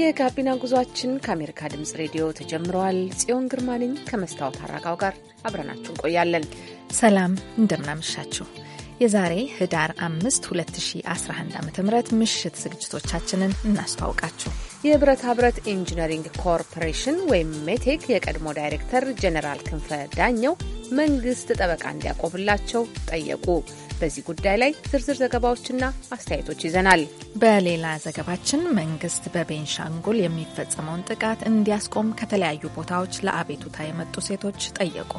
የጋቢና ጉዟችን ከአሜሪካ ድምጽ ሬዲዮ ተጀምረዋል። ጽዮን ግርማ ነኝ ከመስታወት አረጋው ጋር አብረናችሁ እንቆያለን። ሰላም እንደምናመሻችሁ። የዛሬ ህዳር 5 2011 ዓ ም ምሽት ዝግጅቶቻችንን እናስተዋውቃችሁ። የብረታ ብረት ኢንጂነሪንግ ኮርፖሬሽን ወይም ሜቴክ የቀድሞ ዳይሬክተር ጀኔራል ክንፈ ዳኘው መንግስት ጠበቃ እንዲያቆምላቸው ጠየቁ። በዚህ ጉዳይ ላይ ዝርዝር ዘገባዎችና አስተያየቶች ይዘናል። በሌላ ዘገባችን መንግስት በቤንሻንጉል የሚፈጸመውን ጥቃት እንዲያስቆም ከተለያዩ ቦታዎች ለአቤቱታ የመጡ ሴቶች ጠየቁ።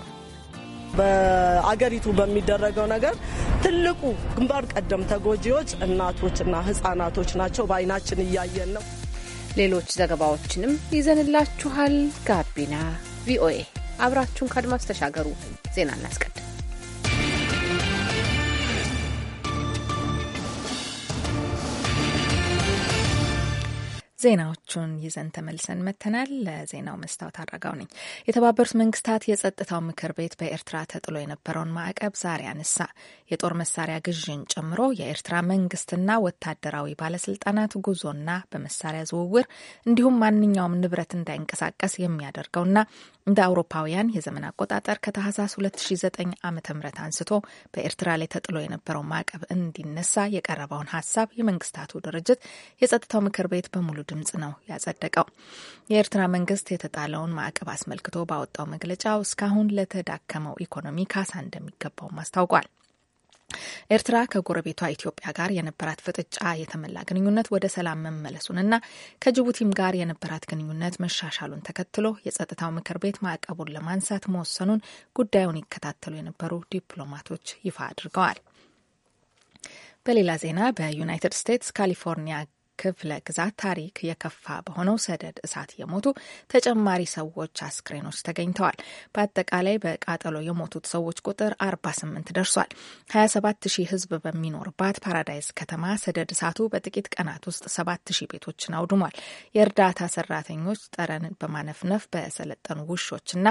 በአገሪቱ በሚደረገው ነገር ትልቁ ግንባር ቀደም ተጎጂዎች እናቶችና ህጻናቶች ናቸው። በአይናችን እያየን ነው። ሌሎች ዘገባዎችንም ይዘንላችኋል። ጋቢና ቪኦኤ አብራችሁን ከአድማስ ተሻገሩ። ዜና እናስቀድም። ዜናዎቹን ይዘን ተመልሰን መተናል። ለዜናው መስታወት አድረጋው ነኝ። የተባበሩት መንግስታት የጸጥታው ምክር ቤት በኤርትራ ተጥሎ የነበረውን ማዕቀብ ዛሬ አነሳ። የጦር መሳሪያ ግዥን ጨምሮ የኤርትራ መንግስትና ወታደራዊ ባለስልጣናት ጉዞና በመሳሪያ ዝውውር እንዲሁም ማንኛውም ንብረት እንዳይንቀሳቀስ የሚያደርገውና እንደ አውሮፓውያን የዘመን አቆጣጠር ከታህሳስ 2009 ዓ ም አንስቶ በኤርትራ ላይ ተጥሎ የነበረው ማዕቀብ እንዲነሳ የቀረበውን ሀሳብ የመንግስታቱ ድርጅት የጸጥታው ምክር ቤት በሙሉ ድምጽ ነው ያጸደቀው። የኤርትራ መንግስት የተጣለውን ማዕቀብ አስመልክቶ ባወጣው መግለጫው እስካሁን ለተዳከመው ኢኮኖሚ ካሳ እንደሚገባውም አስታውቋል። ኤርትራ ከጎረቤቷ ኢትዮጵያ ጋር የነበራት ፍጥጫ የተሞላ ግንኙነት ወደ ሰላም መመለሱንና ከጅቡቲም ጋር የነበራት ግንኙነት መሻሻሉን ተከትሎ የጸጥታው ምክር ቤት ማዕቀቡን ለማንሳት መወሰኑን ጉዳዩን ይከታተሉ የነበሩ ዲፕሎማቶች ይፋ አድርገዋል። በሌላ ዜና በዩናይትድ ስቴትስ ካሊፎርኒያ ክፍለ ግዛት ታሪክ የከፋ በሆነው ሰደድ እሳት የሞቱ ተጨማሪ ሰዎች አስክሬኖች ተገኝተዋል። በአጠቃላይ በቃጠሎ የሞቱት ሰዎች ቁጥር 48 ደርሷል። 27 ሺህ ህዝብ በሚኖርባት ፓራዳይዝ ከተማ ሰደድ እሳቱ በጥቂት ቀናት ውስጥ 7 ሺህ ቤቶችን አውድሟል። የእርዳታ ሰራተኞች ጠረን በማነፍነፍ በሰለጠኑ ውሾችና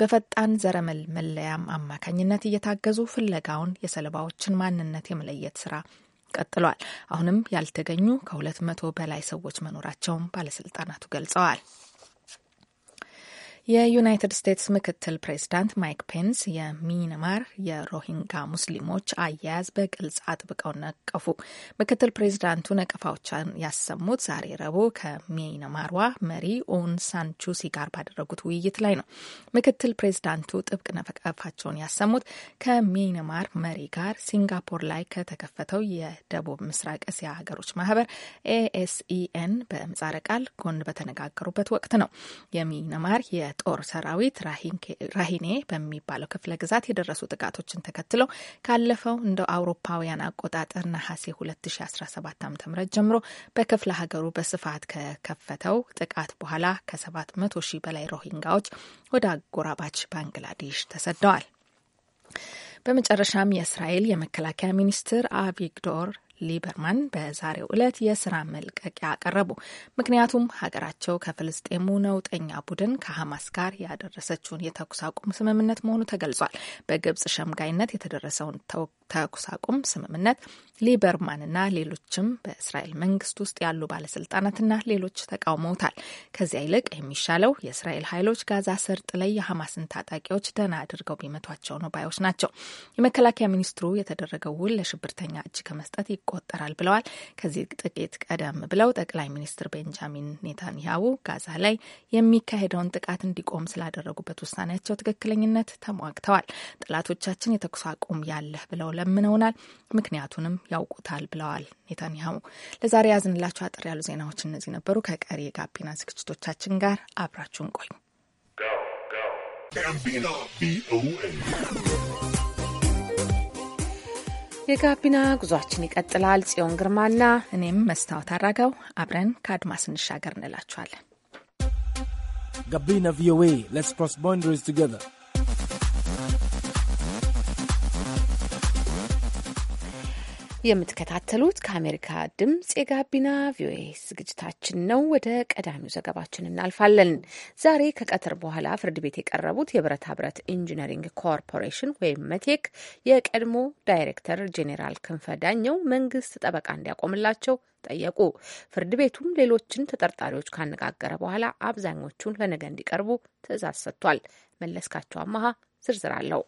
በፈጣን ዘረመል መለያም አማካኝነት እየታገዙ ፍለጋውን የሰለባዎችን ማንነት የመለየት ስራ ቀጥሏል። አሁንም ያልተገኙ ከሁለት መቶ በላይ ሰዎች መኖራቸውን ባለስልጣናቱ ገልጸዋል። የዩናይትድ ስቴትስ ምክትል ፕሬዚዳንት ማይክ ፔንስ የሚንማር የሮሂንጋ ሙስሊሞች አያያዝ በግልጽ አጥብቀው ነቀፉ። ምክትል ፕሬዚዳንቱ ነቀፋዎቿን ያሰሙት ዛሬ ረቡዕ ከሚንማሯ መሪ ኦን ሳንቹሲ ጋር ባደረጉት ውይይት ላይ ነው። ምክትል ፕሬዚዳንቱ ጥብቅ ነቀፋቸውን ያሰሙት ከሚንማር መሪ ጋር ሲንጋፖር ላይ ከተከፈተው የደቡብ ምስራቅ እስያ ሀገሮች ማህበር ኤኤስኢኤን በምህጻረ ቃል ጎን በተነጋገሩበት ወቅት ነው። የሚንማር የ የጦር ሰራዊት ራሂኔ በሚባለው ክፍለ ግዛት የደረሱ ጥቃቶችን ተከትለው ካለፈው እንደ አውሮፓውያን አቆጣጠር ነሐሴ 2017 ዓ.ም ጀምሮ በክፍለ ሀገሩ በስፋት ከከፈተው ጥቃት በኋላ ከ700 ሺህ በላይ ሮሂንጋዎች ወደ አጎራባች ባንግላዴሽ ተሰደዋል። በመጨረሻም የእስራኤል የመከላከያ ሚኒስትር አቪግዶር ሊበርማን በዛሬው ዕለት የስራ መልቀቂያ አቀረቡ። ምክንያቱም ሀገራቸው ከፍልስጤሙ ነውጠኛ ቡድን ከሐማስ ጋር ያደረሰችውን የተኩስ አቁም ስምምነት መሆኑ ተገልጿል። በግብጽ ሸምጋይነት የተደረሰውን ተኩስ አቁም ስምምነት ሊበርማንና ሌሎችም በእስራኤል መንግስት ውስጥ ያሉ ባለስልጣናትና ሌሎች ተቃውመውታል። ከዚያ ይልቅ የሚሻለው የእስራኤል ኃይሎች ጋዛ ሰርጥ ላይ የሐማስን ታጣቂዎች ደህና አድርገው ቢመቷቸው ነው ባዮች ናቸው። የመከላከያ ሚኒስትሩ የተደረገው ውል ለሽብርተኛ እጅ ከመስጠት ይቆ ይቆጠራል ብለዋል። ከዚህ ጥቂት ቀደም ብለው ጠቅላይ ሚኒስትር ቤንጃሚን ኔታንያሁ ጋዛ ላይ የሚካሄደውን ጥቃት እንዲቆም ስላደረጉበት ውሳኔያቸው ትክክለኝነት ተሟግተዋል። ጠላቶቻችን የተኩስ አቁም ያለህ ብለው ለምነውናል፣ ምክንያቱንም ያውቁታል ብለዋል ኔታንያሁ። ለዛሬ ያዝንላቸው አጥር ያሉ ዜናዎች እነዚህ ነበሩ። ከቀሪ የጋቢና ዝግጅቶቻችን ጋር አብራችሁን ቆዩ። የጋቢና ጉዟችን ይቀጥላል። ጽዮን ግርማና እኔም መስታወት አድራገው አብረን ከአድማስ እንሻገር እንላችኋለን። ጋቢና ቪኦኤ ሌትስ ክሮስ ባውንደሪስ ቱጌዘር የምትከታተሉት ከአሜሪካ ድምፅ የጋቢና ቪኦኤ ዝግጅታችን ነው። ወደ ቀዳሚው ዘገባችን እናልፋለን። ዛሬ ከቀትር በኋላ ፍርድ ቤት የቀረቡት የብረታ ብረት ኢንጂነሪንግ ኮርፖሬሽን ወይም መቴክ የቀድሞ ዳይሬክተር ጄኔራል ክንፈ ዳኘው መንግስት ጠበቃ እንዲያቆምላቸው ጠየቁ። ፍርድ ቤቱም ሌሎችን ተጠርጣሪዎች ካነጋገረ በኋላ አብዛኞቹን ለነገ እንዲቀርቡ ትዕዛዝ ሰጥቷል። መለስካቸው አማሃ ዝርዝር አለው።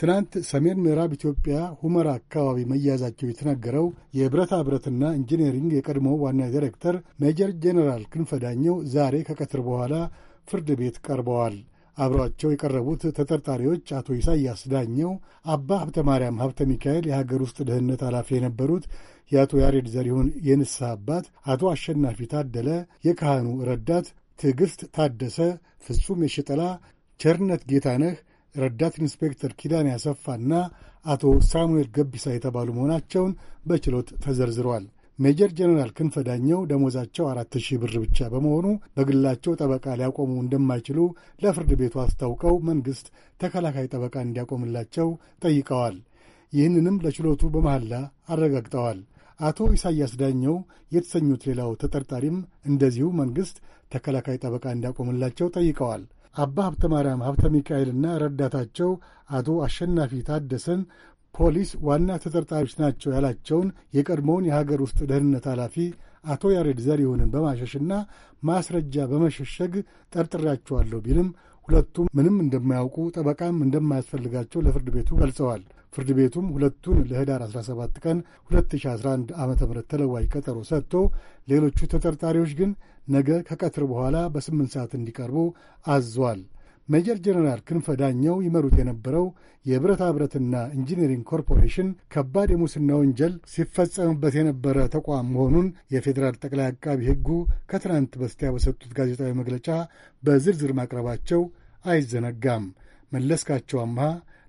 ትናንት ሰሜን ምዕራብ ኢትዮጵያ ሁመራ አካባቢ መያዛቸው የተናገረው የብረታ ብረትና ኢንጂነሪንግ የቀድሞ ዋና ዲሬክተር ሜጀር ጄኔራል ክንፈዳኘው ዛሬ ከቀትር በኋላ ፍርድ ቤት ቀርበዋል። አብረዋቸው የቀረቡት ተጠርጣሪዎች አቶ ኢሳያስ ዳኘው፣ አባ ሀብተ ማርያም ሀብተ ሚካኤል የሀገር ውስጥ ደህንነት ኃላፊ የነበሩት የአቶ ያሬድ ዘሪሁን የንስሐ አባት፣ አቶ አሸናፊ ታደለ የካህኑ ረዳት፣ ትዕግሥት ታደሰ፣ ፍጹም የሸጠላ፣ ቸርነት ጌታነህ ረዳት ኢንስፔክተር ኪዳኔ አሰፋና አቶ ሳሙኤል ገቢሳ የተባሉ መሆናቸውን በችሎት ተዘርዝረዋል። ሜጀር ጀኔራል ክንፈ ዳኘው ደሞዛቸው አራት ሺህ ብር ብቻ በመሆኑ በግላቸው ጠበቃ ሊያቆሙ እንደማይችሉ ለፍርድ ቤቱ አስታውቀው መንግሥት ተከላካይ ጠበቃ እንዲያቆምላቸው ጠይቀዋል። ይህንንም ለችሎቱ በመሐላ አረጋግጠዋል። አቶ ኢሳያስ ዳኘው የተሰኙት ሌላው ተጠርጣሪም እንደዚሁ መንግሥት ተከላካይ ጠበቃ እንዲያቆምላቸው ጠይቀዋል። አባ ሀብተ ማርያም ሀብተ ሚካኤልና ረዳታቸው አቶ አሸናፊ ታደሰን ፖሊስ ዋና ተጠርጣሪዎች ናቸው ያላቸውን የቀድሞውን የሀገር ውስጥ ደህንነት ኃላፊ አቶ ያሬድ ዘሪሁንን በማሸሽና ማስረጃ በመሸሸግ ጠርጥሬያቸዋለሁ ቢልም ሁለቱም ምንም እንደማያውቁ ጠበቃም እንደማያስፈልጋቸው ለፍርድ ቤቱ ገልጸዋል። ፍርድ ቤቱም ሁለቱን ለህዳር 17 ቀን 2011 ዓ ም ተለዋጅ ቀጠሮ ሰጥቶ ሌሎቹ ተጠርጣሪዎች ግን ነገ ከቀትር በኋላ በስምንት ሰዓት እንዲቀርቡ አዟል። ሜጀር ጀነራል ክንፈ ዳኘው ይመሩት የነበረው የብረታ ብረትና ኢንጂነሪንግ ኮርፖሬሽን ከባድ የሙስና ወንጀል ሲፈጸምበት የነበረ ተቋም መሆኑን የፌዴራል ጠቅላይ አቃቢ ሕጉ ከትናንት በስቲያ በሰጡት ጋዜጣዊ መግለጫ በዝርዝር ማቅረባቸው አይዘነጋም። መለስካቸው አምሃ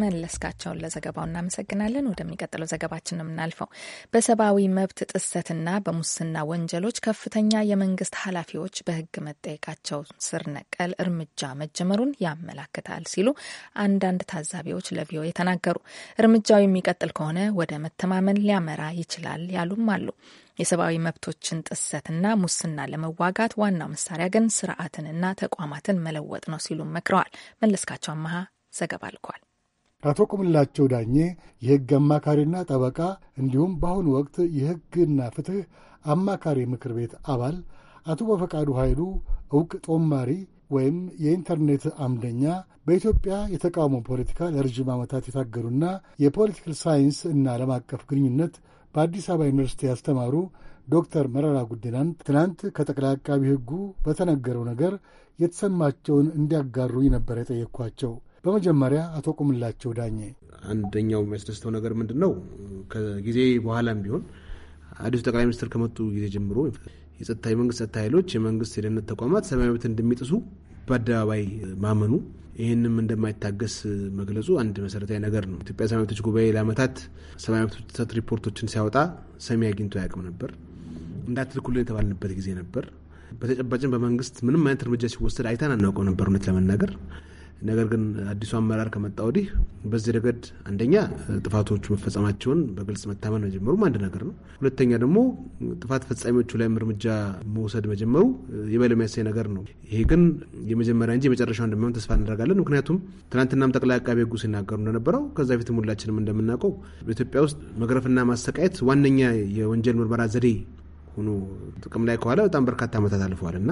መለስካቸውን ለዘገባው እናመሰግናለን። ወደሚቀጥለው ዘገባችን ነው የምናልፈው። በሰብአዊ መብት ጥሰትና በሙስና ወንጀሎች ከፍተኛ የመንግስት ኃላፊዎች በህግ መጠየቃቸው ስር ነቀል እርምጃ መጀመሩን ያመላክታል ሲሉ አንዳንድ ታዛቢዎች ለቪኦኤ ተናገሩ። እርምጃው የሚቀጥል ከሆነ ወደ መተማመን ሊያመራ ይችላል ያሉም አሉ። የሰብአዊ መብቶችን ጥሰትና ሙስና ለመዋጋት ዋናው መሳሪያ ግን ስርዓትንና ተቋማትን መለወጥ ነው ሲሉም መክረዋል። መለስካቸው አመሃ ዘገባ ልኳል። አቶ ቁምላቸው ዳኜ የሕግ አማካሪና ጠበቃ እንዲሁም በአሁኑ ወቅት የሕግና ፍትሕ አማካሪ ምክር ቤት አባል፣ አቶ በፈቃዱ ኃይሉ ዕውቅ ጦማሪ ወይም የኢንተርኔት አምደኛ፣ በኢትዮጵያ የተቃውሞ ፖለቲካ ለረዥም ዓመታት የታገሉና የፖለቲካል ሳይንስ እና ዓለም አቀፍ ግንኙነት በአዲስ አበባ ዩኒቨርሲቲ ያስተማሩ ዶክተር መረራ ጉዲናን ትናንት ከጠቅላይ አቃቢ ሕጉ በተነገረው ነገር የተሰማቸውን እንዲያጋሩ ነበረ የጠየቅኳቸው። በመጀመሪያ አቶ ቁምላቸው ዳኘ። አንደኛው የሚያስደስተው ነገር ምንድን ነው? ከጊዜ በኋላም ቢሆን አዲሱ ጠቅላይ ሚኒስትር ከመጡ ጊዜ ጀምሮ የጸጥታ የመንግስት ጸጥታ ኃይሎች የመንግስት የደህንነት ተቋማት ሰብአዊ መብት እንደሚጥሱ በአደባባይ ማመኑ ይህንም እንደማይታገስ መግለጹ አንድ መሰረታዊ ነገር ነው። ኢትዮጵያ ሰብአዊ መብቶች ጉባኤ ለአመታት ሰብአዊ መብቶች ጥሰት ሪፖርቶችን ሲያወጣ ሰሚ አግኝቶ አያውቅም ነበር። እንዳትልኩልን የተባልንበት ጊዜ ነበር። በተጨባጭም በመንግስት ምንም አይነት እርምጃ ሲወሰድ አይተን አናውቀው ነበር። እውነት ለመናገር ነገር ግን አዲሱ አመራር ከመጣ ወዲህ በዚህ ረገድ አንደኛ ጥፋቶቹ መፈጸማቸውን በግልጽ መታመን መጀመሩም አንድ ነገር ነው። ሁለተኛ ደግሞ ጥፋት ፈጻሚዎቹ ላይም እርምጃ መውሰድ መጀመሩ የበለ የሚያሳይ ነገር ነው። ይሄ ግን የመጀመሪያ እንጂ የመጨረሻው እንደሚሆን ተስፋ እናደርጋለን። ምክንያቱም ትናንትናም ጠቅላይ አቃቤ ሕጉ ሲናገሩ እንደነበረው ከዛ ፊትም ሁላችንም እንደምናውቀው በኢትዮጵያ ውስጥ መግረፍና ማሰቃየት ዋነኛ የወንጀል ምርመራ ዘዴ ሆኖ ጥቅም ላይ ከኋላ በጣም በርካታ ዓመታት አልፈዋል እና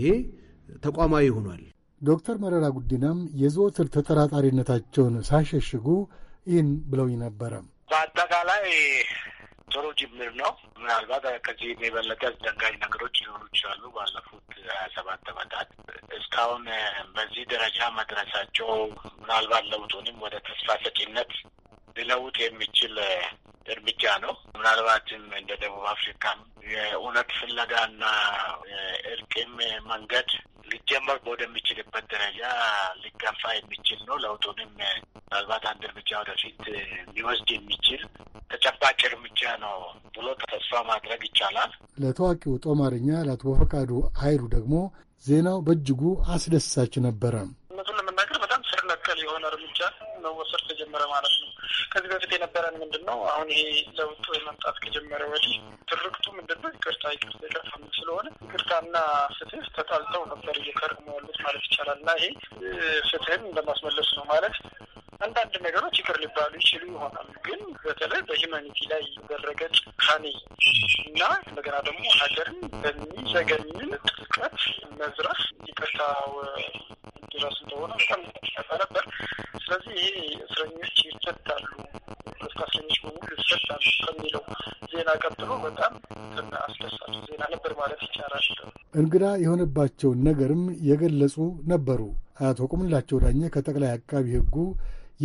ይሄ ተቋማዊ ሆኗል። ዶክተር መረራ ጉዲናም የዘወትር ተጠራጣሪነታቸውን ሳሸሽጉ ይህን ብለውኝ ነበረ። በአጠቃላይ ጥሩ ጅምር ነው። ምናልባት ከዚህ የበለጠ አስደንጋጭ ነገሮች ሊሆኑ ይችላሉ። ባለፉት ሀያ ሰባት ዓመታት እስካሁን በዚህ ደረጃ መድረሳቸው ምናልባት ለውጡንም ወደ ተስፋ ሰጪነት ሊለውጥ የሚችል እርምጃ ነው። ምናልባትም እንደ ደቡብ አፍሪካም የእውነት ፍለጋና እርቅም መንገድ ሊጀመር ወደሚችልበት ደረጃ ሊገንፋ የሚችል ነው። ለውጡንም ምናልባት አንድ እርምጃ ወደፊት ሊወስድ የሚችል ተጨባጭ እርምጃ ነው ብሎ ተስፋ ማድረግ ይቻላል። ለታዋቂው ጦማርኛ ለአቶ በፈቃዱ ኃይሉ ደግሞ ዜናው በእጅጉ አስደሳች ነበረ። እውነቱን ለመናገር በጣም ስር ነቀል የሆነ እርምጃ መወሰድ ተጀመረ ማለት ነው። ከዚህ በፊት የነበረን ምንድን ነው? አሁን ይሄ ለውጥ መምጣት ከጀመረ ወዲህ ትርክቱ ምንድን ነው? ይቅርታ ይቅርታ የለፈም ስለሆነ ይቅርታና ፍትህ ተጣልተው ነበር እየከርሙ ያሉት ማለት ይቻላል። እና ይሄ ፍትህን ለማስመለስ ነው ማለት አንዳንድ ነገሮች ይቅር ሊባሉ ይችሉ ይሆናል። ግን በተለይ በሂማኒቲ ላይ የተደረገ ጭካኔ እና እንደገና ደግሞ ሀገርን በሚዘገንን ጥልቀት መዝረፍ ይቅርታ ድረስ እንደሆነ በጣም ነበር። ስለዚህ ይሄ እስረኞች ይፈታሉ፣ ፖለቲካ እስረኞች በሙሉ ይፈታሉ ከሚለው ዜና ቀጥሎ በጣም አስደሳች ዜና ነበር ማለት ይቻላል። እንግዳ የሆነባቸውን ነገርም የገለጹ ነበሩ። አቶ ቁምላቸው ዳኘ ከጠቅላይ አቃቢ ሕጉ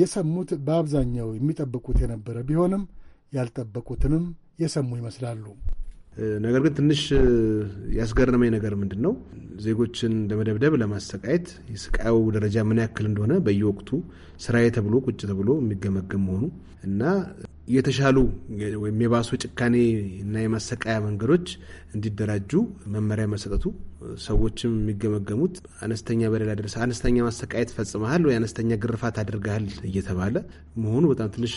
የሰሙት በአብዛኛው የሚጠብቁት የነበረ ቢሆንም ያልጠበቁትንም የሰሙ ይመስላሉ። ነገር ግን ትንሽ ያስገረመኝ ነገር ምንድን ነው ዜጎችን ለመደብደብ ለማሰቃየት የስቃዩ ደረጃ ምን ያክል እንደሆነ በየወቅቱ ስራዬ ተብሎ ቁጭ ተብሎ የሚገመገም መሆኑ እና የተሻሉ ወይም የባሱ ጭካኔ እና የማሰቃያ መንገዶች እንዲደራጁ መመሪያ መሰጠቱ ሰዎችም የሚገመገሙት አነስተኛ በደል ደርሰ አነስተኛ ማሰቃየት ፈጽመሃል ወይ አነስተኛ ግርፋት አድርገሃል እየተባለ መሆኑ በጣም ትንሽ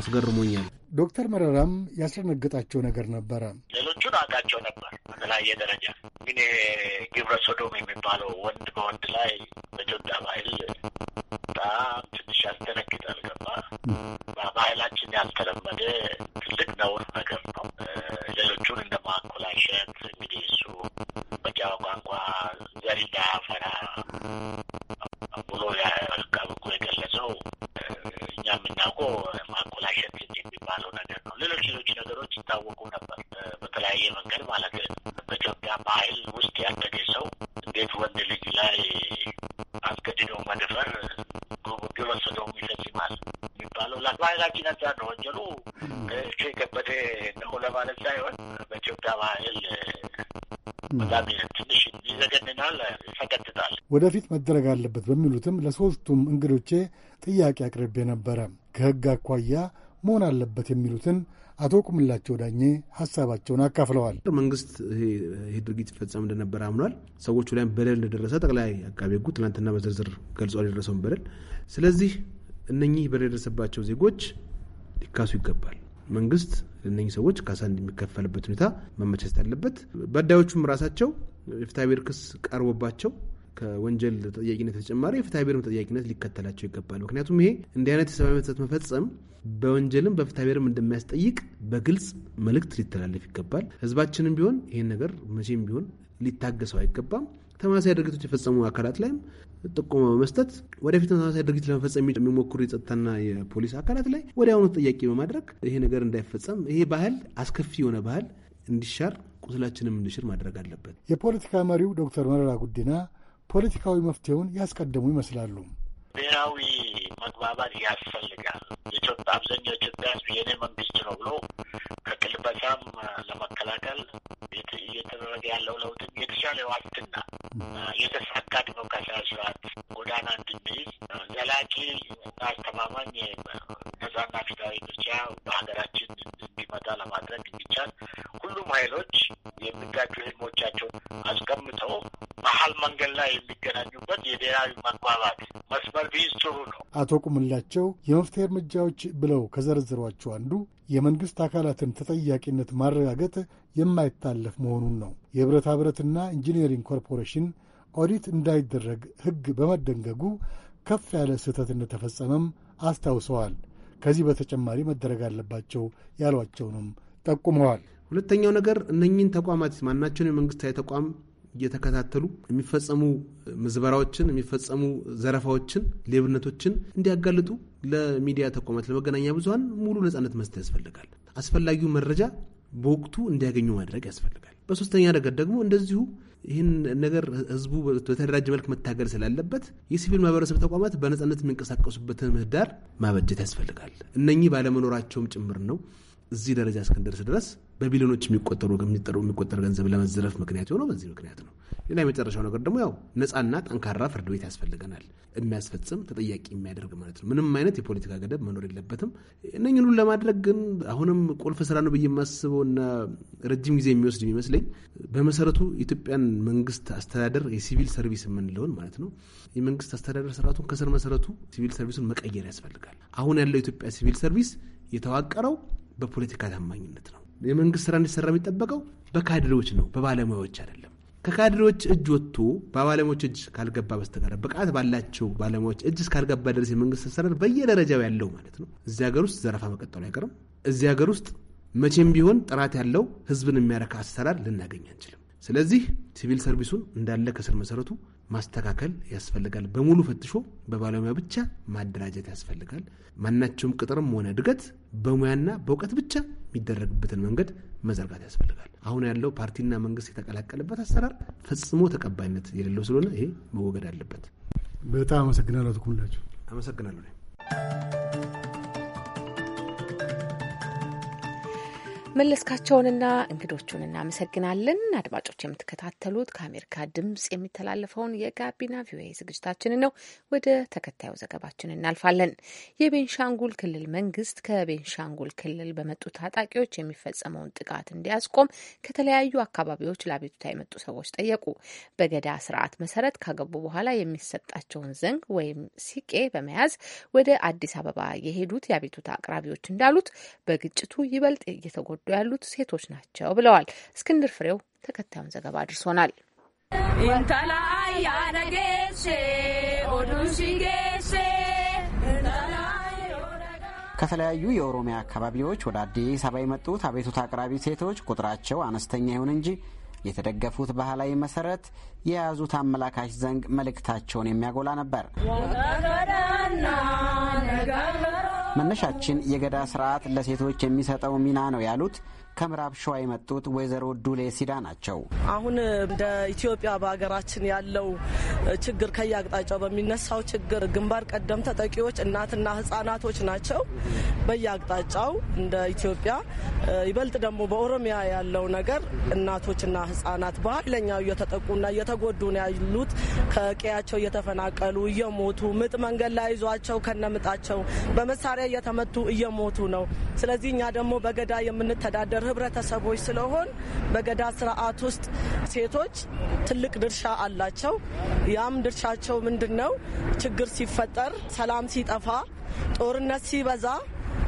አስገርሞኛል። ዶክተር መረራም ያስደነገጣቸው ነገር ነበረ። ሌሎቹን አውቃቸው ነበር በተለያየ ደረጃ ግን ግብረ ሶዶም የሚባለው ወንድ በወንድ ላይ በኢትዮጵያ ባህል በጣም ትንሽ ያስደነግጣል። ገባ ባህላችን ያልተለመደ ትልቅ ነውር ነገር ነው። ሌሎቹን እንደ ማኮላሸት እንግዲህ እሱ በጃዋ ቋንቋ ዘር እንዳያፈራ ወደፊት መደረግ አለበት በሚሉትም ለሦስቱም እንግዶቼ ጥያቄ አቅርቤ ነበረ። ከሕግ አኳያ መሆን አለበት የሚሉትን አቶ ቁምላቸው ዳኜ ሀሳባቸውን አካፍለዋል። መንግስት ይህ ድርጊት ይፈጸም እንደነበረ አምኗል። ሰዎቹ ላይም በደል እንደደረሰ ጠቅላይ አቃቤ ሕጉ ትናንትና በዝርዝር ገልጿል የደረሰውን በደል። ስለዚህ እነኚህ በደል የደረሰባቸው ዜጎች ሊካሱ ይገባል። መንግስት እነኚህ ሰዎች ካሳ እንደሚከፈልበት ሁኔታ መመቻቸት አለበት። በዳዮቹም ራሳቸው የፍትሐ ብሔር ክስ ቀርቦባቸው ከወንጀል ተጠያቂነት በተጨማሪ የፍትሐ ብሔርም ተጠያቂነት ሊከተላቸው ይገባል። ምክንያቱም ይሄ እንዲህ አይነት የሰብአዊ መሰት መፈጸም በወንጀልም በፍትሐ ብሔርም እንደሚያስጠይቅ በግልጽ መልእክት ሊተላለፍ ይገባል። ህዝባችንም ቢሆን ይህን ነገር መቼም ቢሆን ሊታገሰው አይገባም። ተመሳሳይ ድርጊቶች የፈጸሙ አካላት ላይም ጥቆማ በመስጠት ወደፊት ተመሳሳይ ድርጊት ለመፈጸም የሚሞክሩ የጸጥታና የፖሊስ አካላት ላይ ወዲያውኑ ተጠያቂ በማድረግ ይሄ ነገር እንዳይፈጸም ይሄ ባህል አስከፊ የሆነ ባህል እንዲሻር ቁስላችንም እንዲሽር ማድረግ አለበት። የፖለቲካ መሪው ዶክተር መረራ ጉዲና ፖለቲካዊ መፍትሄውን ያስቀደሙ ይመስላሉ። ብሔራዊ መግባባት ያስፈልጋል። ኢትዮጵያ አብዛኛው ኢትዮጵያ ህዝብ የኔ አቶ ቁምላቸው የመፍትሄ እርምጃዎች ብለው ከዘረዘሯቸው አንዱ የመንግሥት አካላትን ተጠያቂነት ማረጋገጥ የማይታለፍ መሆኑን ነው። የብረታ ብረትና ኢንጂነሪንግ ኮርፖሬሽን ኦዲት እንዳይደረግ ሕግ በመደንገጉ ከፍ ያለ ስህተት እንደተፈጸመም አስታውሰዋል። ከዚህ በተጨማሪ መደረግ አለባቸው ያሏቸውንም ጠቁመዋል። ሁለተኛው ነገር እነኚህን ተቋማት ማናቸውን የመንግሥታዊ ተቋም እየተከታተሉ የሚፈጸሙ ምዝበራዎችን፣ የሚፈጸሙ ዘረፋዎችን፣ ሌብነቶችን እንዲያጋልጡ ለሚዲያ ተቋማት፣ ለመገናኛ ብዙሀን ሙሉ ነጻነት መስጠት ያስፈልጋል። አስፈላጊው መረጃ በወቅቱ እንዲያገኙ ማድረግ ያስፈልጋል። በሶስተኛ ነገር ደግሞ እንደዚሁ ይህን ነገር ህዝቡ በተደራጀ መልክ መታገል ስላለበት የሲቪል ማህበረሰብ ተቋማት በነጻነት የሚንቀሳቀሱበትን ምህዳር ማበጀት ያስፈልጋል። እነኚህ ባለመኖራቸውም ጭምር ነው እዚህ ደረጃ እስክንደርስ ድረስ በቢሊዮኖች የሚቆጠር ገንዘብ ለመዘረፍ ምክንያት የሆነው በዚህ ምክንያት ነው። ሌላ የመጨረሻው ነገር ደግሞ ያው ነፃና ጠንካራ ፍርድ ቤት ያስፈልገናል። የሚያስፈጽም ተጠያቂ የሚያደርግ ማለት ነው። ምንም አይነት የፖለቲካ ገደብ መኖር የለበትም። እነኝን ለማድረግ ግን አሁንም ቁልፍ ስራ ነው ብዬ የማስበው እና ረጅም ጊዜ የሚወስድ የሚመስለኝ በመሰረቱ ኢትዮጵያን መንግስት አስተዳደር የሲቪል ሰርቪስ የምንለውን ማለት ነው የመንግስት አስተዳደር ስርዓቱን ከስር መሰረቱ ሲቪል ሰርቪሱን መቀየር ያስፈልጋል። አሁን ያለው የኢትዮጵያ ሲቪል ሰርቪስ የተዋቀረው በፖለቲካ ታማኝነት ነው። የመንግስት ስራ እንዲሰራ የሚጠበቀው በካድሬዎች ነው፣ በባለሙያዎች አይደለም። ከካድሬዎች እጅ ወጥቶ በባለሙያዎች እጅ ካልገባ በስተቀር ብቃት ባላቸው ባለሙያዎች እጅ እስካልገባ ድረስ የመንግስት አሰራር በየደረጃው ያለው ማለት ነው እዚህ ሀገር ውስጥ ዘረፋ መቀጠሉ አይቀርም። እዚህ ሀገር ውስጥ መቼም ቢሆን ጥራት ያለው ህዝብን የሚያረካ አሰራር ልናገኝ አንችልም። ስለዚህ ሲቪል ሰርቪሱን እንዳለ ከስር መሰረቱ ማስተካከል ያስፈልጋል። በሙሉ ፈትሾ በባለሙያ ብቻ ማደራጀት ያስፈልጋል። ማናቸውም ቅጥርም ሆነ እድገት በሙያና በእውቀት ብቻ የሚደረግበትን መንገድ መዘርጋት ያስፈልጋል። አሁን ያለው ፓርቲና መንግስት የተቀላቀለበት አሰራር ፈጽሞ ተቀባይነት የሌለው ስለሆነ ይሄ መወገድ አለበት። በጣም አመሰግናለሁ። ትኩላችሁ አመሰግናለሁ። መለስካቸውንና እንግዶቹን እናመሰግናለን። አድማጮች የምትከታተሉት ከአሜሪካ ድምጽ የሚተላለፈውን የጋቢና ቪኦኤ ዝግጅታችንን ነው። ወደ ተከታዩ ዘገባችን እናልፋለን። የቤንሻንጉል ክልል መንግስት ከቤንሻንጉል ክልል በመጡ ታጣቂዎች የሚፈጸመውን ጥቃት እንዲያስቆም ከተለያዩ አካባቢዎች ለአቤቱታ የመጡ ሰዎች ጠየቁ። በገዳ ስርዓት መሰረት ካገቡ በኋላ የሚሰጣቸውን ዘንግ ወይም ሲቄ በመያዝ ወደ አዲስ አበባ የሄዱት የአቤቱታ አቅራቢዎች እንዳሉት በግጭቱ ይበልጥ እየተጎዱ እየተጎዱ ያሉት ሴቶች ናቸው ብለዋል። እስክንድር ፍሬው ተከታዩን ዘገባ አድርሶናል። ከተለያዩ የኦሮሚያ አካባቢዎች ወደ አዲስ አበባ የመጡት አቤቱታ አቅራቢ ሴቶች ቁጥራቸው አነስተኛ ይሁን እንጂ የተደገፉት ባህላዊ መሰረት የያዙት አመላካች ዘንግ መልእክታቸውን የሚያጎላ ነበር። መነሻችን የገዳ ስርዓት ለሴቶች የሚሰጠው ሚና ነው ያሉት ከምዕራብ ሸዋ የመጡት ወይዘሮ ዱሌ ሲዳ ናቸው። አሁን እንደ ኢትዮጵያ በሀገራችን ያለው ችግር ከየአቅጣጫው በሚነሳው ችግር ግንባር ቀደም ተጠቂዎች እናትና ህጻናቶች ናቸው። በየአቅጣጫው እንደ ኢትዮጵያ ይበልጥ ደግሞ በኦሮሚያ ያለው ነገር እናቶችና ህጻናት በኃይለኛው እየተጠቁና እየተጎዱ ነው ያሉት። ከቀያቸው እየተፈናቀሉ እየሞቱ ምጥ መንገድ ላይ ይዟቸው ከነምጣቸው በመሳሪያ እየተመቱ እየሞቱ ነው። ስለዚህ እኛ ደግሞ በገዳ የምንተዳደር ህብረተሰቦች ስለሆን በገዳ ስርዓት ውስጥ ሴቶች ትልቅ ድርሻ አላቸው። ያም ድርሻቸው ምንድን ነው? ችግር ሲፈጠር፣ ሰላም ሲጠፋ፣ ጦርነት ሲበዛ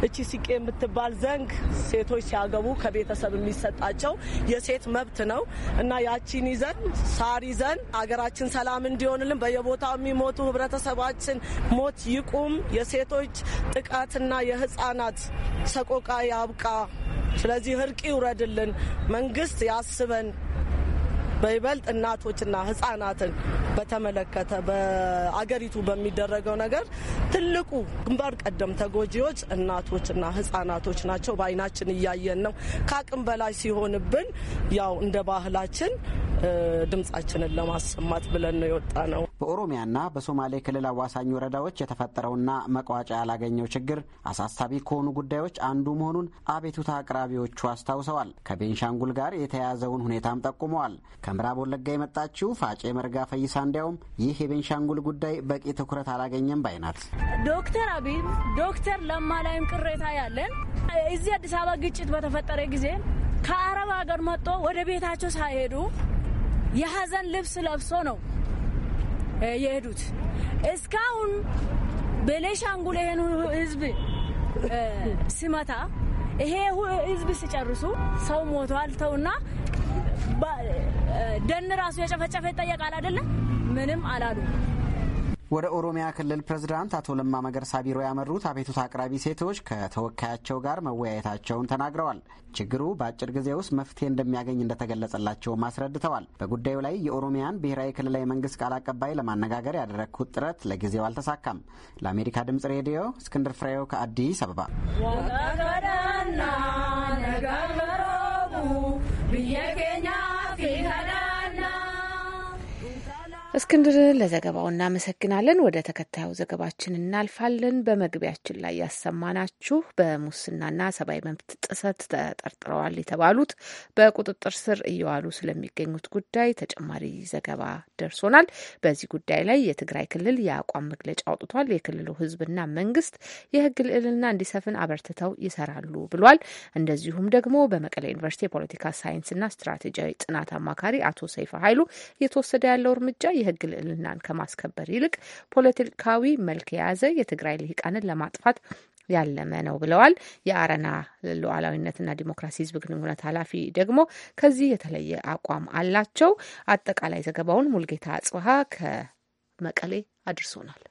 እቺ ሲቄ የምትባል ዘንግ ሴቶች ሲያገቡ ከቤተሰብ የሚሰጣቸው የሴት መብት ነው እና ያቺን ይዘን ሳር ይዘን አገራችን ሰላም እንዲሆንልን በየቦታው የሚሞቱ ህብረተሰባችን ሞት ይቁም፣ የሴቶች ጥቃትና የህጻናት ሰቆቃ ያብቃ። ስለዚህ እርቅ ይውረድልን፣ መንግስት ያስበን። በይበልጥ እናቶችና ህጻናትን በተመለከተ በአገሪቱ በሚደረገው ነገር ትልቁ ግንባር ቀደም ተጎጂዎች እናቶችና ህጻናቶች ናቸው። በአይናችን እያየን ነው። ከአቅም በላይ ሲሆንብን ያው እንደ ባህላችን ድምጻችንን ለማሰማት ብለን ነው የወጣ ነው። በኦሮሚያና በሶማሌ ክልል አዋሳኝ ወረዳዎች የተፈጠረውና መቋጫ ያላገኘው ችግር አሳሳቢ ከሆኑ ጉዳዮች አንዱ መሆኑን አቤቱታ አቅራቢዎቹ አስታውሰዋል። ከቤንሻንጉል ጋር የተያያዘውን ሁኔታም ጠቁመዋል። ከምዕራብ ወለጋ የመጣችው ፋጬ መርጋ ፈይሳ እንዲያውም ይህ የቤንሻንጉል ጉዳይ በቂ ትኩረት አላገኘም ባይናት። ዶክተር አብይ ዶክተር ለማ ላይም ቅሬታ ያለን እዚህ አዲስ አበባ ግጭት በተፈጠረ ጊዜ ከአረብ ሀገር መጥቶ ወደ ቤታቸው ሳይሄዱ የሀዘን ልብስ ለብሶ ነው የሄዱት። እስካሁን በሌሻንጉል ይሄን ህዝብ ሲመታ ይሄ ህዝብ ሲጨርሱ ሰው ሞቷል ተውና ደን ራሱ የጨፈጨፈ ይጠየቃል አይደለም? ምንም አላሉ። ወደ ኦሮሚያ ክልል ፕሬዝዳንት አቶ ለማ መገርሳ ቢሮ ያመሩት አቤቱታ አቅራቢ ሴቶች ከተወካያቸው ጋር መወያየታቸውን ተናግረዋል። ችግሩ በአጭር ጊዜ ውስጥ መፍትሄ እንደሚያገኝ እንደተገለጸላቸውም አስረድተዋል። በጉዳዩ ላይ የኦሮሚያን ብሔራዊ ክልላዊ መንግስት ቃል አቀባይ ለማነጋገር ያደረግኩት ጥረት ለጊዜው አልተሳካም። ለአሜሪካ ድምጽ ሬዲዮ እስክንድር ፍሬው ከአዲስ አበባ እስክንድር ለዘገባው እናመሰግናለን። ወደ ተከታዩ ዘገባችን እናልፋለን። በመግቢያችን ላይ ያሰማናችሁ በሙስናና ሰብአዊ መብት ጥሰት ተጠርጥረዋል የተባሉት በቁጥጥር ስር እየዋሉ ስለሚገኙት ጉዳይ ተጨማሪ ዘገባ ደርሶናል። በዚህ ጉዳይ ላይ የትግራይ ክልል የአቋም መግለጫ አውጥቷል። የክልሉ ህዝብና መንግስት የህግ ልዕልና እንዲሰፍን አበርትተው ይሰራሉ ብሏል። እንደዚሁም ደግሞ በመቀለ ዩኒቨርሲቲ የፖለቲካ ሳይንስና ስትራቴጂያዊ ጥናት አማካሪ አቶ ሰይፈ ኃይሉ እየተወሰደ ያለው እርምጃ የህግ ልዕልናን ከማስከበር ይልቅ ፖለቲካዊ መልክ የያዘ የትግራይ ልሂቃንን ለማጥፋት ያለመ ነው ብለዋል። የአረና ሉዓላዊነትና ዲሞክራሲ ህዝብ ግንኙነት ኃላፊ ደግሞ ከዚህ የተለየ አቋም አላቸው። አጠቃላይ ዘገባውን ሙልጌታ አጽብሃ ከመቀሌ አድርሶናል።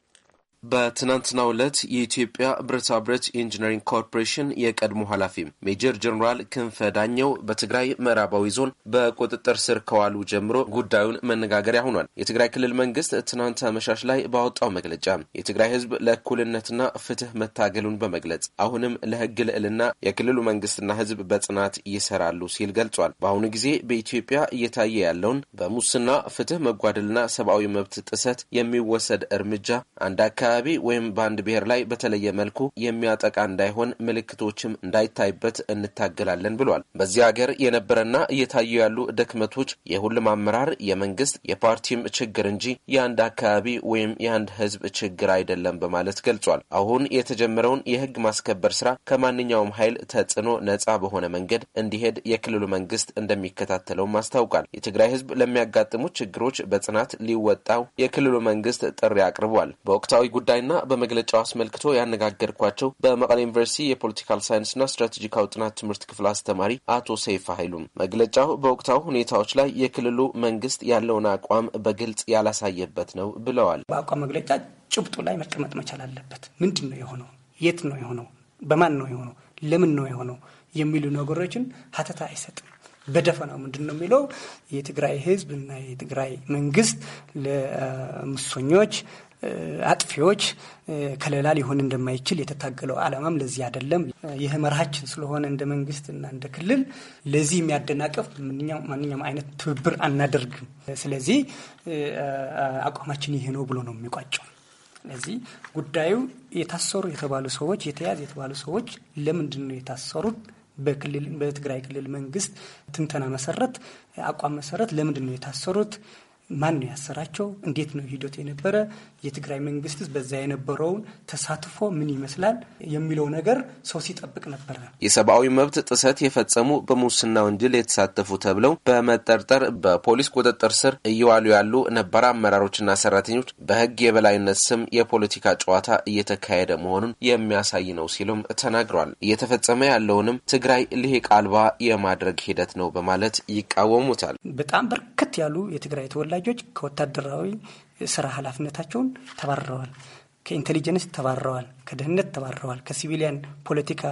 በትናንትናው ዕለት የኢትዮጵያ ብረታ ብረት ኢንጂነሪንግ ኮርፖሬሽን የቀድሞ ኃላፊ ሜጀር ጀኔራል ክንፈ ዳኘው በትግራይ ምዕራባዊ ዞን በቁጥጥር ስር ከዋሉ ጀምሮ ጉዳዩን መነጋገሪያ ሆኗል። የትግራይ ክልል መንግስት ትናንት አመሻሽ ላይ ባወጣው መግለጫ የትግራይ ህዝብ ለእኩልነትና ፍትህ መታገሉን በመግለጽ አሁንም ለህግ ልዕልና የክልሉ መንግስትና ህዝብ በጽናት ይሰራሉ ሲል ገልጿል። በአሁኑ ጊዜ በኢትዮጵያ እየታየ ያለውን በሙስና ፍትህ መጓደልና ሰብአዊ መብት ጥሰት የሚወሰድ እርምጃ አንድ አካባቢ አካባቢ ወይም በአንድ ብሔር ላይ በተለየ መልኩ የሚያጠቃ እንዳይሆን ምልክቶችም እንዳይታይበት እንታገላለን ብሏል። በዚህ ሀገር የነበረና እየታዩ ያሉ ደክመቶች የሁሉም አመራር የመንግስት የፓርቲም ችግር እንጂ የአንድ አካባቢ ወይም የአንድ ህዝብ ችግር አይደለም በማለት ገልጿል። አሁን የተጀመረውን የህግ ማስከበር ስራ ከማንኛውም ኃይል ተጽዕኖ ነጻ በሆነ መንገድ እንዲሄድ የክልሉ መንግስት እንደሚከታተለውም አስታውቋል። የትግራይ ህዝብ ለሚያጋጥሙት ችግሮች በጽናት ሊወጣው የክልሉ መንግስት ጥሪ አቅርቧል። በወቅታዊ ጉዳይና በመግለጫው አስመልክቶ ያነጋገርኳቸው በመቀሌ ዩኒቨርሲቲ የፖለቲካል ሳይንስና ስትራቴጂካዊ ጥናት ትምህርት ክፍል አስተማሪ አቶ ሰይፍ ኃይሉም መግለጫው በወቅታዊ ሁኔታዎች ላይ የክልሉ መንግስት ያለውን አቋም በግልጽ ያላሳየበት ነው ብለዋል። በአቋም መግለጫ ጭብጡ ላይ መቀመጥ መቻል አለበት። ምንድን ነው የሆነው? የት ነው የሆነው? በማን ነው የሆነው? ለምን ነው የሆነው? የሚሉ ነገሮችን ሀተታ አይሰጥም። በደፈናው ምንድን ነው የሚለው የትግራይ ህዝብ እና የትግራይ መንግስት ለምሶኞች አጥፊዎች ከለላ ሊሆን እንደማይችል የተታገለው ዓላማም ለዚህ አይደለም። ይህ መርሃችን ስለሆነ እንደ መንግስት እና እንደ ክልል ለዚህ የሚያደናቀፍ ማንኛውም አይነት ትብብር አናደርግም። ስለዚህ አቋማችን ይሄ ነው ብሎ ነው የሚቋጨው። ስለዚህ ጉዳዩ የታሰሩ የተባሉ ሰዎች የተያዙ የተባሉ ሰዎች ለምንድን ነው የታሰሩት? በክልል በትግራይ ክልል መንግስት ትንተና መሰረት አቋም መሰረት ለምንድን ነው የታሰሩት? ማን ነው ያሰራቸው? እንዴት ነው ሂደቱ የነበረ? የትግራይ መንግስትስ በዛ የነበረውን ተሳትፎ ምን ይመስላል የሚለው ነገር ሰው ሲጠብቅ ነበረ። የሰብአዊ መብት ጥሰት የፈጸሙ በሙስና ወንጀል የተሳተፉ ተብለው በመጠርጠር በፖሊስ ቁጥጥር ስር እየዋሉ ያሉ ነባር አመራሮችና ሰራተኞች በህግ የበላይነት ስም የፖለቲካ ጨዋታ እየተካሄደ መሆኑን የሚያሳይ ነው ሲሉም ተናግሯል። እየተፈጸመ ያለውንም ትግራይ ልሂቅ አልባ የማድረግ ሂደት ነው በማለት ይቃወሙታል። በጣም በርከት ያሉ የትግራይ ተወላ ወዳጆች ከወታደራዊ ስራ ኃላፊነታቸውን ተባረዋል፣ ከኢንቴሊጀንስ ተባረዋል፣ ከደህንነት ተባረዋል፣ ከሲቪሊያን ፖለቲካ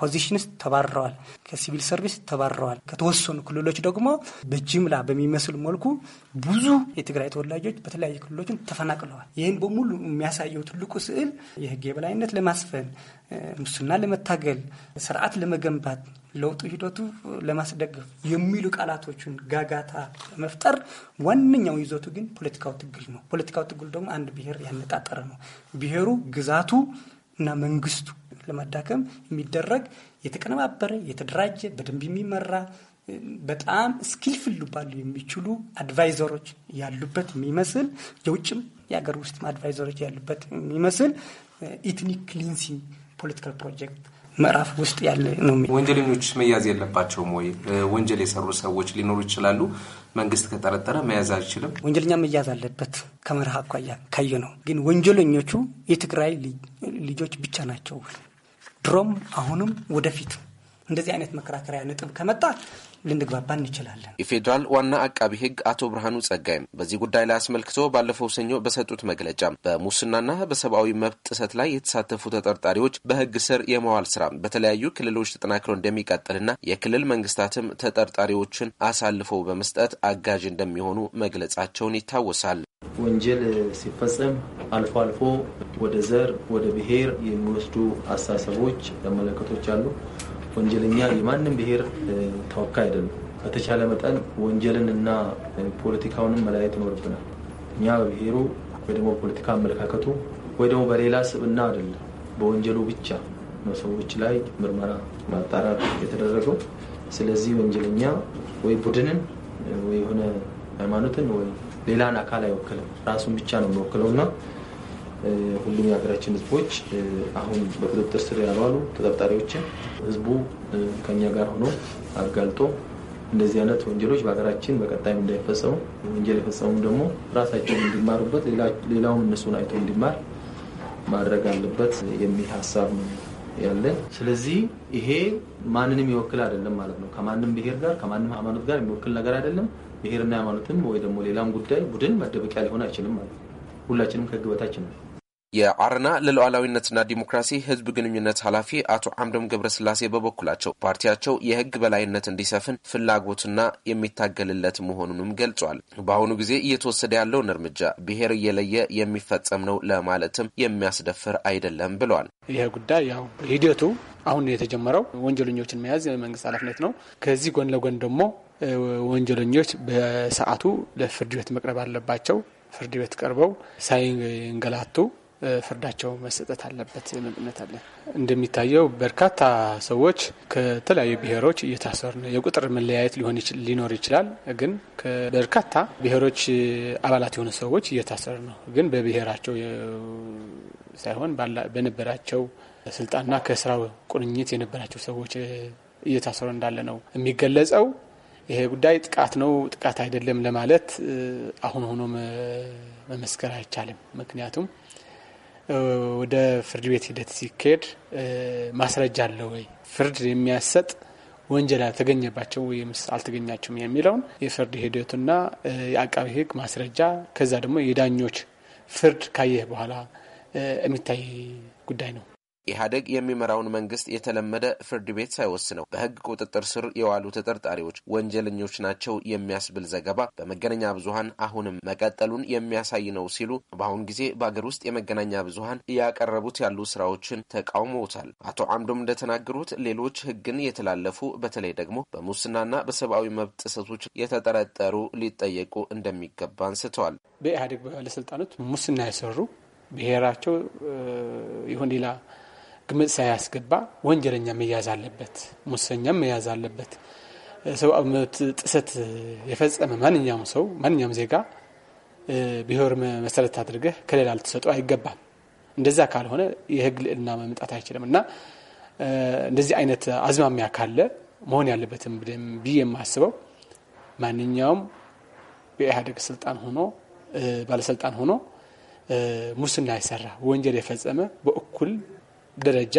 ፖዚሽንስ ተባረዋል፣ ከሲቪል ሰርቪስ ተባረዋል። ከተወሰኑ ክልሎች ደግሞ በጅምላ በሚመስል መልኩ ብዙ የትግራይ ተወላጆች በተለያዩ ክልሎችን ተፈናቅለዋል። ይህን በሙሉ የሚያሳየው ትልቁ ስዕል የህግ የበላይነት ለማስፈን ሙስና ለመታገል ስርዓት ለመገንባት ለውጡ ሂደቱ ለማስደገፍ የሚሉ ቃላቶችን ጋጋታ ለመፍጠር ዋነኛው ይዘቱ ግን ፖለቲካው ትግል ነው። ፖለቲካው ትግል ደግሞ አንድ ብሔር ያነጣጠረ ነው። ብሔሩ፣ ግዛቱ እና መንግስቱ ለማዳከም የሚደረግ የተቀነባበረ የተደራጀ በደንብ የሚመራ በጣም ስኪልፍል ሊባሉ የሚችሉ አድቫይዘሮች ያሉበት የሚመስል የውጭም የሀገር ውስጥም አድቫይዘሮች ያሉበት የሚመስል ኢትኒክ ክሊንሲንግ ፖለቲካል ፕሮጀክት ምዕራፍ ውስጥ ያለ ነው። ወንጀለኞች መያዝ የለባቸውም ወይ? ወንጀል የሰሩ ሰዎች ሊኖሩ ይችላሉ። መንግስት ከጠረጠረ መያዝ አይችልም። ወንጀለኛ መያዝ አለበት። ከመርህ አኳያ ካየ ነው። ግን ወንጀለኞቹ የትግራይ ልጆች ብቻ ናቸው። ድሮም አሁንም ወደፊት እንደዚህ አይነት መከራከሪያ ነጥብ ከመጣ ልንግባባ እንችላለን። የፌዴራል ዋና አቃቢ ህግ አቶ ብርሃኑ ጸጋይም በዚህ ጉዳይ ላይ አስመልክቶ ባለፈው ሰኞ በሰጡት መግለጫ በሙስናና በሰብአዊ መብት ጥሰት ላይ የተሳተፉ ተጠርጣሪዎች በህግ ስር የመዋል ስራ በተለያዩ ክልሎች ተጠናክረው እንደሚቀጥልና የክልል መንግስታትም ተጠርጣሪዎችን አሳልፈው በመስጠት አጋዥ እንደሚሆኑ መግለጻቸውን ይታወሳል። ወንጀል ሲፈጸም አልፎ አልፎ ወደ ዘር፣ ወደ ብሔር የሚወስዱ አስተሳሰቦች፣ ተመለከቶች አሉ። ወንጀለኛ የማንም ብሔር ተወካይ አይደሉም። በተቻለ መጠን ወንጀልን እና ፖለቲካውንም መለያየት ይኖርብናል። እኛ በብሔሩ ወይ ደግሞ በፖለቲካ አመለካከቱ ወይ ደግሞ በሌላ ስብና አይደለም፣ በወንጀሉ ብቻ ነው ሰዎች ላይ ምርመራ ማጣራት የተደረገው። ስለዚህ ወንጀለኛ ወይ ቡድንን ወይ የሆነ ሃይማኖትን ወይ ሌላን አካል አይወክልም፣ ራሱን ብቻ ነው የሚወክለው እና ሁሉም የሀገራችን ህዝቦች አሁን በቁጥጥር ስር ያሏሉ ተጠርጣሪዎችን ህዝቡ ከኛ ጋር ሆኖ አጋልጦ እንደዚህ አይነት ወንጀሎች በሀገራችን በቀጣይም እንዳይፈጸሙ ወንጀል የፈጸሙም ደግሞ ራሳቸውን እንዲማሩበት ሌላውም እነሱን አይቶ እንዲማር ማድረግ አለበት የሚል ሀሳብ ነው ያለን። ስለዚህ ይሄ ማንንም ይወክል አይደለም ማለት ነው። ከማንም ብሔር ጋር ከማንም ሃይማኖት ጋር የሚወክል ነገር አይደለም። ብሄርና ሃይማኖትም ወይ ደግሞ ሌላም ጉዳይ ቡድን መደበቂያ ሊሆን አይችልም ማለት ነው። ሁላችንም ከህግ በታችን ነው። የአረና ለሉዓላዊነትና ዲሞክራሲ ህዝብ ግንኙነት ኃላፊ አቶ አምዶም ገብረስላሴ በበኩላቸው ፓርቲያቸው የህግ በላይነት እንዲሰፍን ፍላጎትና የሚታገልለት መሆኑንም ገልጿል። በአሁኑ ጊዜ እየተወሰደ ያለውን እርምጃ ብሔር እየለየ የሚፈጸም ነው ለማለትም የሚያስደፍር አይደለም ብለዋል። ይህ ጉዳይ ያው ሂደቱ አሁን የተጀመረው ወንጀለኞችን መያዝ የመንግስት ኃላፊነት ነው። ከዚህ ጎን ለጎን ደግሞ ወንጀለኞች በሰዓቱ ለፍርድ ቤት መቅረብ አለባቸው። ፍርድ ቤት ቀርበው ሳይንገላቱ ፍርዳቸው መሰጠት አለበት የሚል እምነት አለ። እንደሚታየው በርካታ ሰዎች ከተለያዩ ብሔሮች እየታሰሩ ነው። የቁጥር መለያየት ሊኖር ይችላል፣ ግን በርካታ ብሔሮች አባላት የሆኑ ሰዎች እየታሰሩ ነው። ግን በብሔራቸው ሳይሆን በነበራቸው ስልጣንና ከስራው ቁርኝት የነበራቸው ሰዎች እየታሰሩ እንዳለ ነው የሚገለጸው። ይሄ ጉዳይ ጥቃት ነው ጥቃት አይደለም ለማለት አሁን ሆኖ መመስከር አይቻልም። ምክንያቱም ወደ ፍርድ ቤት ሂደት ሲካሄድ ማስረጃ አለ ወይ ፍርድ የሚያሰጥ ወንጀል አልተገኘባቸው ወይም አልተገኛቸውም የሚለውን የፍርድ ሂደቱና የአቃቢ ሕግ ማስረጃ ከዛ ደግሞ የዳኞች ፍርድ ካየህ በኋላ የሚታይ ጉዳይ ነው። ኢህአደግ የሚመራውን መንግስት የተለመደ ፍርድ ቤት ሳይወስነው በህግ ቁጥጥር ስር የዋሉ ተጠርጣሪዎች ወንጀለኞች ናቸው የሚያስብል ዘገባ በመገናኛ ብዙሀን አሁንም መቀጠሉን የሚያሳይ ነው ሲሉ በአሁን ጊዜ በአገር ውስጥ የመገናኛ ብዙሀን እያቀረቡት ያሉ ስራዎችን ተቃውመውታል። አቶ አምዶም እንደተናገሩት ሌሎች ህግን የተላለፉ በተለይ ደግሞ በሙስናና በሰብአዊ መብት ጥሰቶች የተጠረጠሩ ሊጠየቁ እንደሚገባ አንስተዋል። በኢህአዴግ ባለስልጣኖች ሙስና የሰሩ ብሔራቸው ይሁን ሌላ ግምት ሳያስገባ ወንጀለኛ መያዝ አለበት፣ ሙሰኛም መያዝ አለበት። ሰብአዊ መብት ጥሰት የፈጸመ ማንኛውም ሰው ማንኛውም ዜጋ ብሔር መሰረት አድርገህ ከሌላ ልትሰጡ አይገባም። እንደዛ ካልሆነ የህግ ልዕልና መምጣት አይችልም እና እንደዚህ አይነት አዝማሚያ ካለ መሆን ያለበትም ብዬ የማስበው ማንኛውም የኢህአዴግ ስልጣን ሆኖ ባለስልጣን ሆኖ ሙስና የሰራ ወንጀል የፈጸመ በእኩል ደረጃ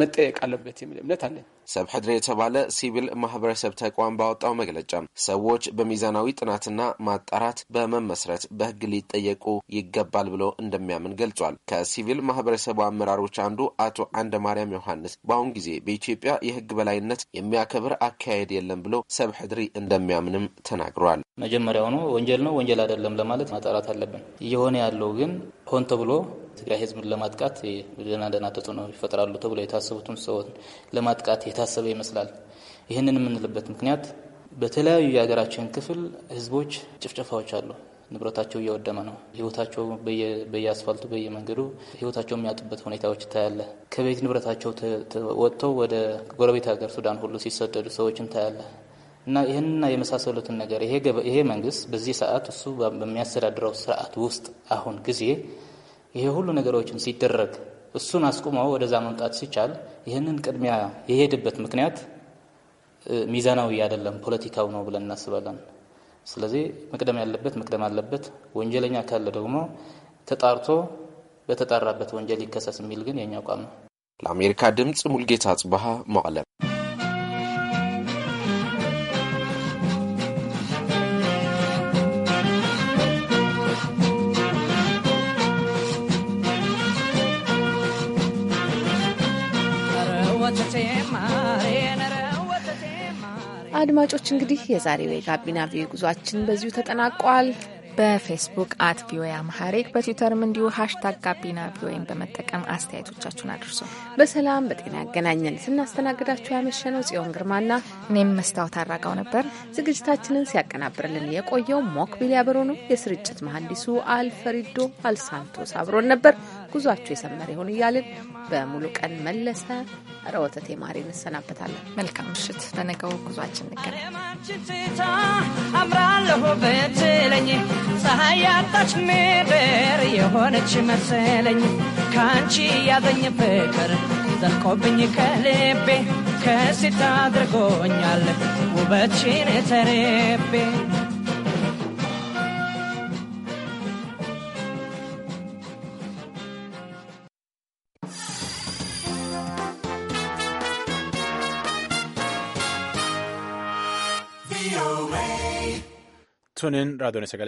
መጠየቅ አለበት የሚል እምነት አለን። ሰብሕ የተባለ ሲቪል ማህበረሰብ ተቋም ባወጣው መግለጫ ሰዎች በሚዛናዊ ጥናትና ማጣራት በመመስረት በሕግ ሊጠየቁ ይገባል ብሎ እንደሚያምን ገልጿል። ከሲቪል ማህበረሰቡ አመራሮች አንዱ አቶ አንደ ማርያም ዮሐንስ በአሁን ጊዜ በኢትዮጵያ የሕግ በላይነት የሚያከብር አካሄድ የለም ብሎ ሰብሕ እንደሚያምንም ተናግሯል። መጀመሪያውኑ ወንጀል ነው ወንጀል አይደለም ለማለት ማጣራት አለብን። እየሆነ ያለው ግን ሆን ተብሎ የትግራይ ህዝብን ለማጥቃት ደህና ደህና ተጽዕኖ ይፈጥራሉ ተብሎ የታሰቡትን ሰዎች ለማጥቃት የታሰበ ይመስላል። ይህንን የምንልበት ምክንያት በተለያዩ የሀገራችን ክፍል ህዝቦች ጭፍጨፋዎች አሉ። ንብረታቸው እየወደመ ነው። ህይወታቸው በየአስፋልቱ በየመንገዱ ህይወታቸው የሚያጡበት ሁኔታዎች ይታያለ። ከቤት ንብረታቸው ወጥተው ወደ ጎረቤት ሀገር ሱዳን ሁሉ ሲሰደዱ ሰዎች እንታያለ እና ይህንና የመሳሰሉትን ነገር ይሄ መንግስት በዚህ ሰዓት እሱ በሚያስተዳድረው ስርዓት ውስጥ አሁን ጊዜ ይሄ ሁሉ ነገሮችን ሲደረግ እሱን አስቁመው ወደዛ መምጣት ሲቻል ይህንን ቅድሚያ የሄደበት ምክንያት ሚዛናዊ አይደለም፣ ፖለቲካው ነው ብለን እናስባለን። ስለዚህ መቅደም ያለበት መቅደም አለበት። ወንጀለኛ ካለ ደግሞ ተጣርቶ በተጣራበት ወንጀል ይከሰስ የሚል ግን የኛ አቋም ነው። ለአሜሪካ ድምፅ ሙልጌታ አጽብሃ መቀለም። አድማጮች እንግዲህ የዛሬው የጋቢና ቪ ጉዟችን በዚሁ ተጠናቋል። በፌስቡክ አት ቪኦኤ አምሃሪክ በትዊተርም እንዲሁ ሀሽታግ ጋቢና ቪኦኤን በመጠቀም አስተያየቶቻችሁን አድርሶ በሰላም በጤና ያገናኘን። ስናስተናግዳችሁ ያመሸነው ጽዮን ግርማና እኔም መስታወት አራጋው ነበር። ዝግጅታችንን ሲያቀናብርልን የቆየው ሞክቢል ያበሮ ነው። የስርጭት መሐንዲሱ አልፈሪዶ አልሳንቶስ አብሮን ነበር። ጉዟቸው የሰመረ ይሁን እያልን በሙሉ ቀን መለሰ ረወተቴ ማሪ እንሰናበታለን። መልካም ምሽት። በነገው ጉዟችን እንገናኝ። አምራለሁ ፀሐይ ምድር የሆነች መሰለኝ ከአንቺ ያዘኝ ፍቅር ዘልቆብኝ ከልቤ ከሴት አድርጎኛል ውበችን ተርቤ Tunin Radyonese